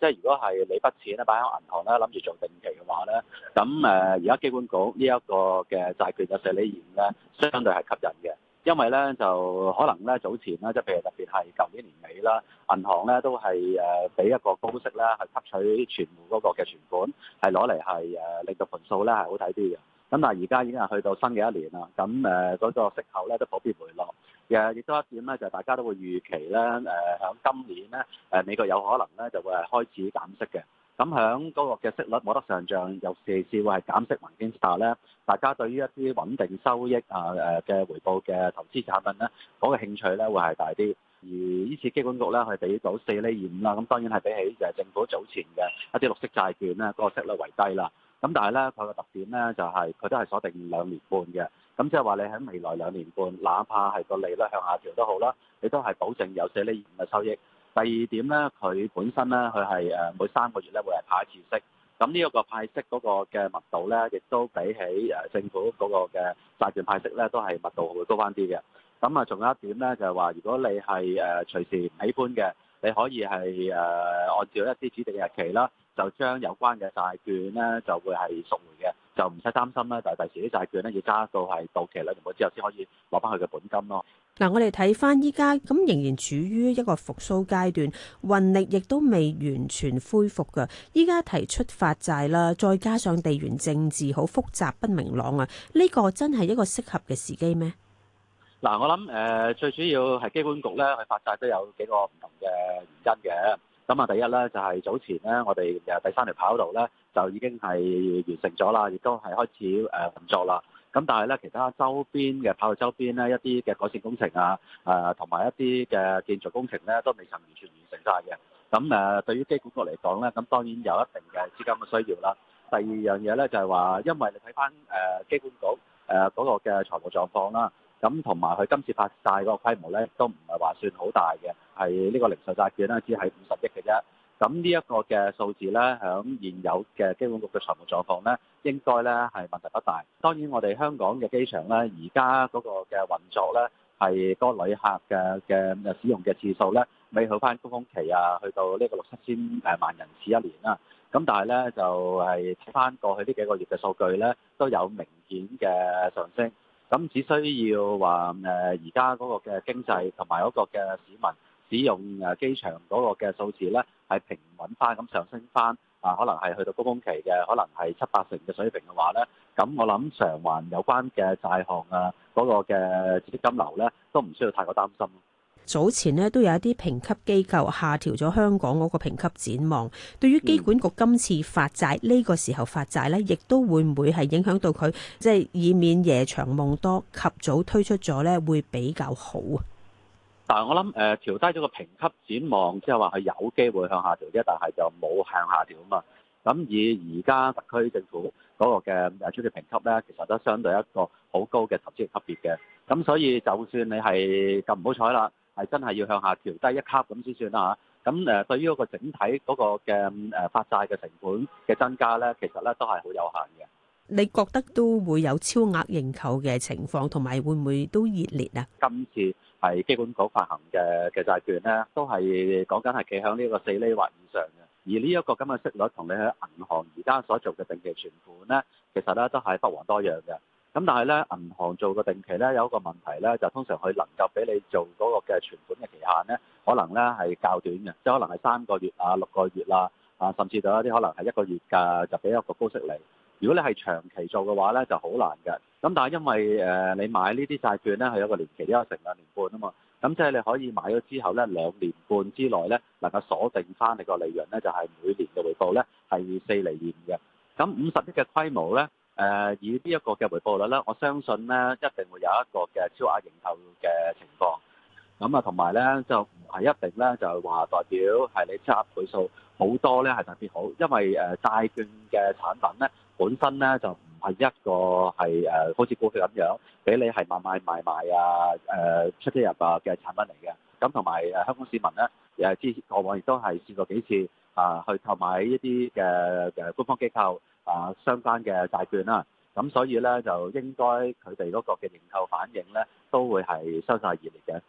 即係如果係你筆錢咧擺喺銀行咧，諗住做定期嘅話咧，咁誒而家機管局呢一個嘅債券嘅受理現咧，相對係吸引嘅，因為咧就可能咧早前咧，即係譬如特別係舊年年尾啦，銀行咧都係誒俾一個高息咧去吸取全戶嗰個嘅存款，係攞嚟係誒令到盤數咧係好睇啲嘅。咁但係而家已經係去到新嘅一年啦，咁誒嗰個息口咧都普遍回落。嘅亦都一點咧，就係大家都會預期咧，誒喺今年咧，誒美國有可能咧就會係開始減息嘅。咁響嗰個嘅息率冇得上漲，尤其是會係減息環境之下咧，大家對於一啲穩定收益啊誒嘅回報嘅投資產品咧，嗰個興趣咧會係大啲。而呢次機管局咧，佢俾到四厘二五啦，咁當然係比起誒政府早前嘅一啲綠色債券咧，嗰個息率為低啦。咁但係咧，佢個特點咧就係佢都係鎖定兩年半嘅，咁即係話你喺未來兩年半，哪怕係個利率向下調都好啦，你都係保證有四釐二五嘅收益。第二點咧，佢本身咧，佢係誒每三個月咧會係派一次息，咁呢一個派息嗰個嘅密度咧，亦都比起誒政府嗰個嘅債券派息咧，都係密度會高翻啲嘅。咁啊，仲有一點咧，就係、是、話如果你係誒隨時唔喜歡嘅，你可以係誒按照一啲指定嘅日期啦。就將有關嘅債券呢就會係贖回嘅，就唔使擔心啦。就第時啲債券呢要揸到係到期兩年半之後，先可以攞翻佢嘅本金咯。嗱、啊，我哋睇翻依家咁仍然處於一個復甦階段，運力亦都未完全恢復嘅。依家提出發債啦，再加上地緣政治好複雜不明朗啊，呢、這個真係一個適合嘅時機咩？嗱、啊，我諗誒、呃，最主要係機管局咧，佢發債都有幾個唔同嘅原因嘅。咁啊，第一咧就係早前咧，我哋誒第三條跑道咧就已經係完成咗啦，亦都係開始誒運作啦。咁但係咧，其他周邊嘅跑道周邊咧一啲嘅改善工程啊，誒同埋一啲嘅建築工程咧都未曾完全完成晒嘅。咁誒，對於機管局嚟講咧，咁當然有一定嘅資金嘅需要啦。第二樣嘢咧就係話，因為你睇返誒機管局誒嗰個嘅財務狀況啦。咁同埋佢今次發債嗰個規模咧，都唔係話算好大嘅，係呢個零售債券呢，只係五十億嘅啫。咁呢一個嘅數字咧，喺現有嘅機管局嘅財務狀況咧，應該咧係問題不大。當然，我哋香港嘅機場咧，而家嗰個嘅運作咧，係個旅客嘅嘅使用嘅次數咧，未去翻高峰期啊，去到呢個六七千誒萬人次一年啦。咁但係咧，就係睇翻過去呢幾個月嘅數據咧，都有明顯嘅上升。咁只需要話誒，而家嗰個嘅經濟同埋嗰個嘅市民使用誒機場嗰個嘅數字咧，係平穩翻，咁上升翻，啊，可能係去到高峰期嘅，可能係七八成嘅水平嘅話咧，咁我諗償還有關嘅債項啊，嗰個嘅資金流咧，都唔需要太過擔心。早前咧都有一啲評級機構下調咗香港嗰個評級展望，對於機管局今次發債呢個時候發債呢，亦都會唔會係影響到佢，即係以免夜長夢多及早推出咗呢會比較好。但係我諗誒，調低咗個評級展望，即係話，佢有機會向下調啫，但係就冇向下調啊嘛。咁以而家特區政府嗰個嘅誒出嘅評級咧，其實都相對一個好高嘅投資級別嘅，咁所以就算你係咁唔好彩啦。係真係要向下調低一級咁先算啦嚇，咁誒對於一個整體嗰個嘅誒發債嘅成本嘅增加咧，其實咧都係好有限嘅。你覺得都會有超額認購嘅情況，同埋會唔會都熱烈啊？今次係基本稿發行嘅嘅債券咧，都係講緊係企響呢個四厘或以上嘅，而呢一個咁嘅息率同你喺銀行而家所做嘅定期存款咧，其實咧都係不遑多讓嘅。咁但係咧，銀行做個定期咧，有一個問題咧，就是、通常佢能夠俾你做嗰個嘅存款嘅期限咧，可能咧係較短嘅，即係可能係三個月啊、六個月啊，啊，甚至到一啲可能係一個月㗎，就俾一個高息利。如果你係長期做嘅話咧，就好難嘅。咁但係因為誒、呃，你買呢啲債券咧，佢有一個年期，有一個成兩年半啊嘛。咁即係你可以買咗之後咧，兩年半之內咧，能夠鎖定返你個利潤咧，就係、是、每年嘅回報咧，係四厘二五嘅。咁五十億嘅規模咧。誒以呢一個嘅回報率咧，我相信咧，一定會有一個嘅超額認購嘅情況。咁啊，同埋咧就唔係一定咧，就係話代表係你超額倍數好多咧係特別好，因為誒、呃、債券嘅產品咧本身咧就唔係一個係誒、呃、好似股票咁樣俾你係買買買買啊誒、呃、出出入啊嘅產品嚟嘅。咁同埋誒香港市民咧，誒之前過往亦都係試過幾次啊，去購買一啲嘅嘅官方機構啊，啊相關嘅債券啦、啊。咁、啊、所以咧，就應該佢哋嗰個嘅認購反應咧，都會係收晒熱嚟嘅。